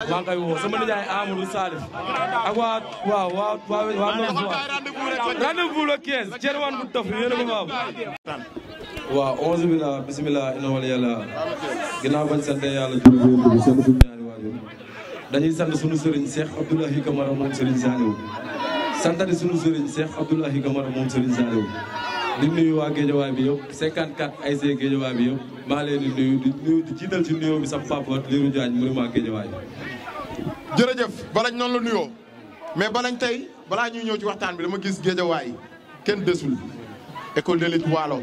maa ngi koy woo sama nijaay Amadou Salif ak waa waaw waa waa waa Nord Foire rendez-vous le a ko faaw. waaw onze bila bisimilah inna wala yàlla ginnaaw bañ sant yàlla jërëjëf bi seen suñu ñaari waajur dañuy sant sunu sëriñ Cheikh Abdoulahi Camara moom sëriñ Saliou santati sunu sëriñ Cheikh Abdoulahi Camara moom sëriñ Saliou di nuyu waa Géejawaay bi yëpp ay ASC Géejawaay bi yëpp maa leen nuyu di nuyu di jiital ci nuyoo bi sama papa Lirou Diagne monument Géejawaay. jërëjëf balañ noonu la nuyoo mais balañ tey balaa ñuy ñëw ci waxtaan bi dama gis Géejawaay kenn desul école de lutte wal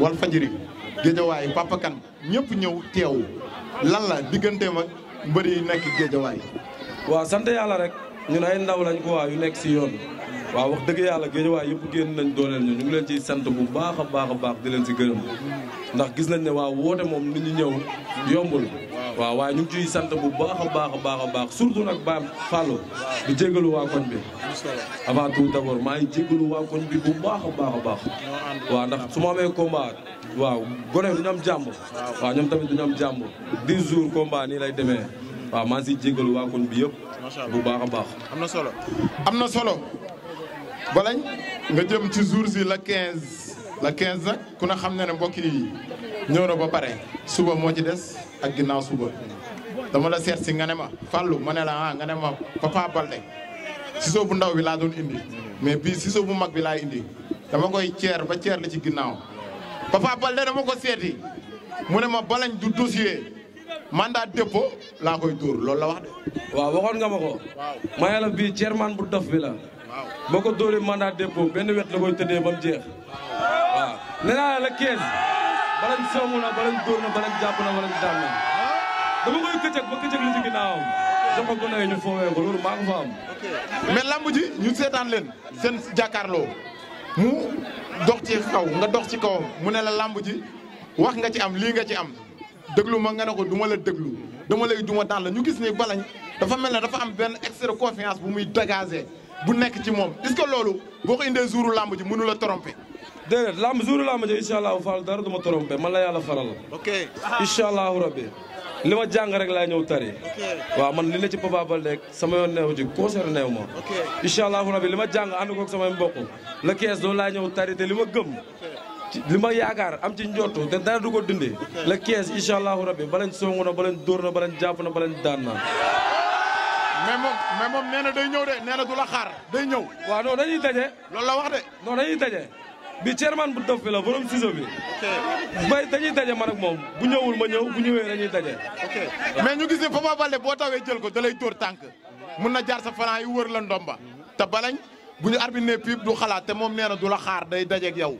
Walfadjri Géejawaay Papa Kan ñëpp ñëw teew lan la digganteem ak mbër yi nekk Géejawaay. waa sante yàlla rek ñu nay ndaw lañ ko waa yu nekk si yoon. waaw wax dëgg yàlla waa yëpp génn nañ dooleel ñu ñu ngi leen ciy sant bu baax a baax baax di leen si gërëm ndax gis nañ ne waaw woote moom nit ñi ñëw yombul waaw waaye ñu ngi ciy sant bu baax a baax a baax a baax surtout nag baa Fallou di jégalu waa koñ bi avant tout d'abord maa ngi jégalu waa koñ bi bu baax a baax a baax waaw ndax su ma amee combat waaw gone du ñu am jàmm waaw ñoom tamit du ñu am jàmm 10 jours combat nii lay demee waaw maa si siy jégalu waa koñ bi yëpp bu baax a baax am na solo am na solo balañ nga jëm ci jours yi la 15 la 15 nag ku ne xam na ne mbokk ñëw na ba pare suba moo ci des ak ginnaaw suba dama la seet si nga ne ma Fallou ma ne la ah nga ne ma Papa Baldé Cissé bu ndaw bi laa indi mais bii Cissé bu mag bi laay indi dama koy ceer ba ceer la ci ginnaaw Papa Baldé dama ko seeti mu ne ma balañ du dossier mandat dépôt laa koy dóor loolu la wax de. waaw waxoon nga ma ko. waaw maa bii chairman bu dof bi la. boo ko dóoree mandat dépôt benn wet la koy tëddee ba mu jeex waaw nee la kees balañ song na balañ dóor na balañ jàpp na balañ daan na dama koy këcëg ba këcëg li ci ginnaawam jox ko gone yi ñu ko loolu maa ngi fa am mais lamb ji ñu seetaan leen seen jàkkaarloo mu dox ci kaw nga dox ci kawam mu ne la lamb ji wax nga ci am lii nga ci am déglu ma nga ne ko duma ma la déglu duma lay duma daan la ñu gis ni balañ dafa mel ne dafa am benn excès de bu muy dégager bu nekk ci moom est-ce loolu boo ko indee jouru làmb ji mënu la tromper. déedéet làmb jouru làmb ji incha allahu faal dara du ma tromper man la yàlla faral. ok incha li ma jàng rek laay ñëw tari. waaw man li la ci Papa Baldé rek sama yoon neew ji concerné wu ma. ok incha li ma jàng ànd koog samay mbokk la kees loolu laay ñëw tari te li ma gëm. li ma yaakaar am ci njottu te dara du ko dindi. la kees incha allahu ba balañ songu na balañ dóor na balañ jàpp na balañ daan na. mais moom mais moom nee na day ñëw de neena na du la xaar day ñëw. waaw non dañuy daje. loolu la wax de. non dañuy daje bi chairman bu dof bi la borom ciseau bi. may dañuy daje man ak moom bu ñëwul ma ñëw bu ñëwee dañuy daje. ok mais ñu gis ne Fapal Balde boo tawee jël ko da lay tóor tànk mun na jaar sa franc yi wër la ndomba. te balañ bu ñu arbitre pipe du xalaat te moom nee na du la xaar day dajeeg yow.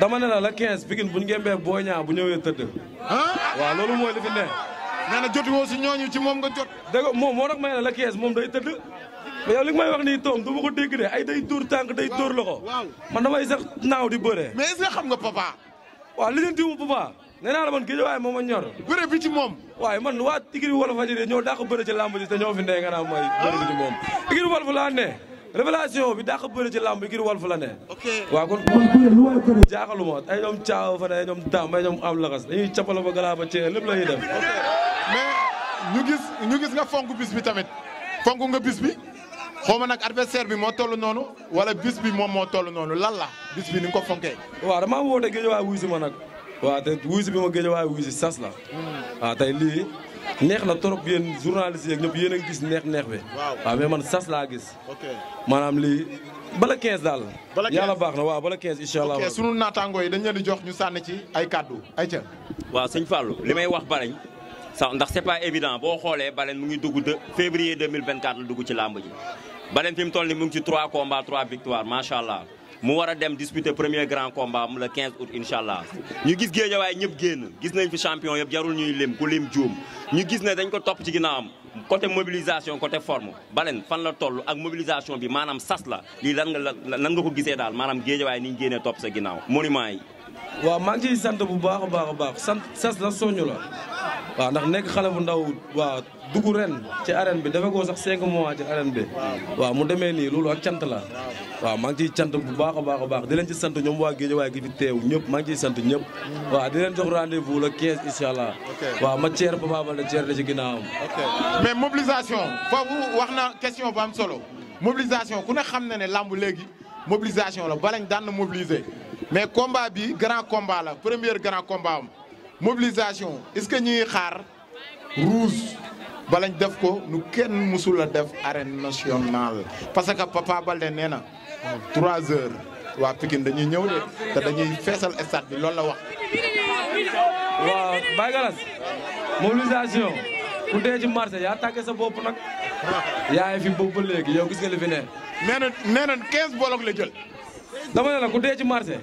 dama ne la la 15 Pikine bu ñu ngembee boo ñaa bu ñëwee tëdd. ah waaw loolu mooy li nee na jotiwoo si ñooñu ci moom nga jot. dëgg moom moo tax may la la kees moom day tëdd. mais yow li nga may wax nii toom du ma ko dégg de ay day dóor tànk day dóor loxo. man damay sax naaw di bëre. mais est-ce xam nga papa. waaw li leen diw papa. nee naa la man géej waaye moom a ñor. bëre bi ci moom. waaye man waa Tigri wala Fajiri ñoo dàq bëre ci làmb ji te ñoo fi ne nga naan mooy bëre bi ci moom. Tigri wala laa ne. révélation bi dàq bëre la ne. ok waaw kon man ku ne lu waay ko jaaxaluma ay ñoom caaw fa ne ñoom daam ay ñoom am laxas dañuy capala la ñuy def. mais ñu gis ñu gis nga fonk bis bi tamit fonk nga bis bi xaw ma nag adversaire bi moo toll noonu wala bis bi moom moo toll noonu lan la bis bi ni ko fonkee. waaw damaa woote géejawaay wuy si ma nag. waa te wuy si bi ma géejawaay wuy si sas la. Hmm. waaw tey lii neex na trop yéen journaliste yeeg ñëpp yéen gis neex-neex bi. waaw waaw mais man sas laa gis. ok maanaam lii. bala 15 daal. bala 15 yàlla baax na waa bala 15 incha allah. ok sunu naataangoo yi dañu leen di jox ñu sànni ci ay kàddu. ay ca sëñ Fallou li may wax barañ sax ndax c'est pas boo xoolee Baleine mu ngi dugg de février 2024 la dugg ci làmb ji Baleine fi mu toll ni mu ngi ci 3 combats 3 victoires macha mu war a dem disputer premier grand combat mu le 15 août incha allah ñu gis géejawaay ñëpp génn gis nañ fi champion yëpp jarul ñuy lim ku lim juum ñu gis ne dañ ko topp ci ginnaawam côté mobilisation côté forme Baleine fan la toll ak mobilisation bi maanaam sas la lii lan nga lan nga ko gisee daal maanaam géejawaay ni ñu génnee topp sa ginnaaw monument yi. waaw sant bu baax a baax a baax sant sas la soñu la. waaw ndax nekk xale bu ndaw waa dugg ren ci arène bi dafa goo sax cinq mois ci arène bi waaw mu demee nii loolu ak cant la waaw maa ngi ciy cant bu baax a baax a baax di leen ci sant ñoom waa géej waa gi fi teew ñëpp maa ciy sant ñëpp waaw di leen jox rendez-vous le 15 incha allah waaw ma ceer Papa Baldé ceer da ci ginnaawam mais mobilisation foofu wax na question bu am solo mobilisation ku ne xam ne ne làmb léegi mobilisation la balañ daan na mobiliser mais combat bi grand combat la premier grand mobilisation est-ce que ñuy xaar rouge balañ def ko nu kenn mësul la def arène nationale parce que Papa Balde nee na trois heures waa Pikine dañuy ñëw de te dañuy feesal stade bi loolu la wax waaw Baye Galas mobilisation ku dee ci marché yaa tàggee sa bopp nag yaa ngi fi boobu ba léegi yow gis nga li fi ne nee na nee na 15 jël dama ne la ku dee ci marché.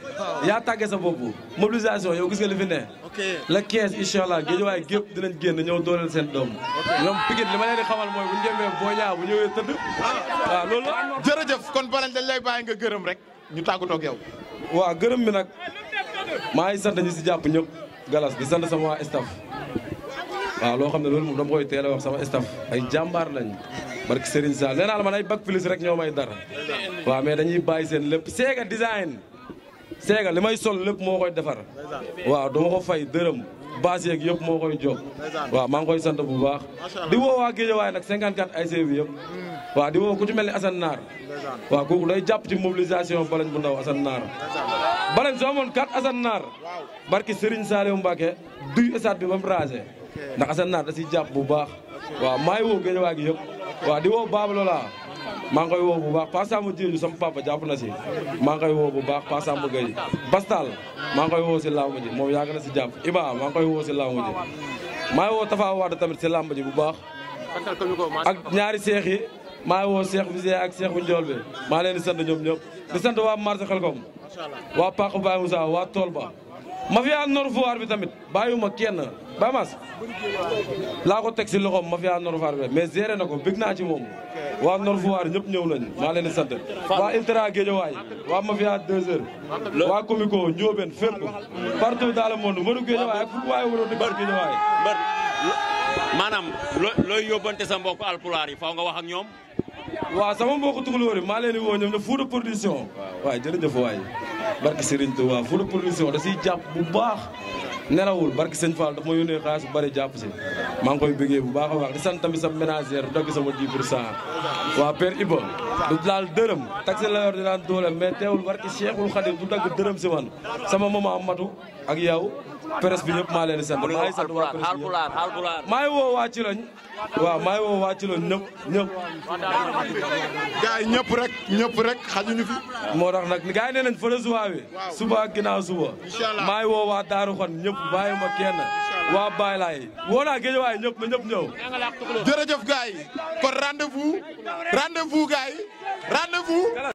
yaa tàggee sa bopp mobilisation yow gis nga li ne. ok le 15 incha allah géejawaay gépp dinañ génn ñëw dooleel seen doom. ñoom Pikine li ma leen di xamal mooy bu ñu demee boo ñaaw bu ñëwee tëdd. Ah. waaw loolu la. jërëjëf kon balañ dañ lay bàyyi nga gërëm rek ñu tàggatoo ak yow. waaw gërëm mi nag maa ngi sant ñi si jàpp ñëpp galas di sant sama staff waaw loo xam ne loolu moom dama koy teel a sama staff ay jàmbaar lañ barke Serigne Sall nee naa la man ay bac plus rek ñoo may dara mais dañuy bàyyi seen lépp seega design seega li may sol lépp moo koy defar waaw dama ko fay dërëm baas yeeg yëpp moo koy jox waaw maa ngi koy sant bu baax di woo waa Guédiawaye nag 54 ay bi yëpp hmm. waaw di woo ku mel ni Assane Naar waaw kooku day jàpp ci mobilisation balañ bu ndaw Assane Naar balañ soo amoon 4 Naar barke Serigne Saliou Mbacke duy stade bi ba mu raase ndax Assane Naar da siy jàpp bu baax waaw maa ngi woo Guédiawaye waaw di woo Babaloola maa ngi koy woo bu baax Passamba Diédhiou sama papa jàpp na si maa ngi koy woo bu baax Passamba Gueye Bastal maa ngi koy woo si làmb ji moom yàgg na si jàpp Iba maa ngi koy woo si làmb ji maa ngi woo Tafa Wade tamit si làmb ji bu baax ak ñaari seex yi maa ngi woo Cheikh Visé ak Cheikh bu Ndiol bi maa leen di sant ñoom ñëpp di sant waa marché Xelkom waa Pàq Baye Moussa waa Tool ba mafia Nord Foire bi tamit bàyyiwuma kenn Bamas laa ko teg si loxoom mafia Nord Foire bi mais géré na ko bég naa ci moom waa Nord Foire ñëpp ñëw nañ maa leen di sant waa Ultra Guédiawaye waa mafia 2 heures waa Comico Ndiobène fépp partout dans le monde mënu Guédiawaye ak fu waaye waroon di Guédiawaye maanaam looy yóbbante sa mbokk alpulaar yi faw nga wax ak ñoom waa sama mbokk tukulóor yi maa leen di woo ñoom ñoom fou de production waaw jërëjëf waay barki Serigne Touba fu la production da siy jàpp bu baax nelawul barki Sëñ Fall daf ma yónnee xaalis bu bëri jàpp si maa ngi koy biggee bu baax a baax di sant tamit sa ménagère doggi sama 10 pour cent waa Père Iba du laal dërëm taxi la di naan doole mais teewul barki Cheikhul Khadim du dagg dërëm si wan sama maman Matou ak yow presse bi ñëpp maa leen di sant maa ngi sant waa presse bi ñëpp maa ngi woo waa ci lañ waaw ñëpp ñëpp. gars ñëpp rek ñëpp rek xajuñu fi. moo tax nag gars yi nee nañ fële su bi suba ginnaaw suba. incha maa ngi woo waa Darou Khon ñëpp bàyyi ma kenn. waa Baye Laye woo naa géej waaye ñëpp na ñëpp ñëw. jërëjëf gars yi kon rendez vous rendez vous gars yi rendez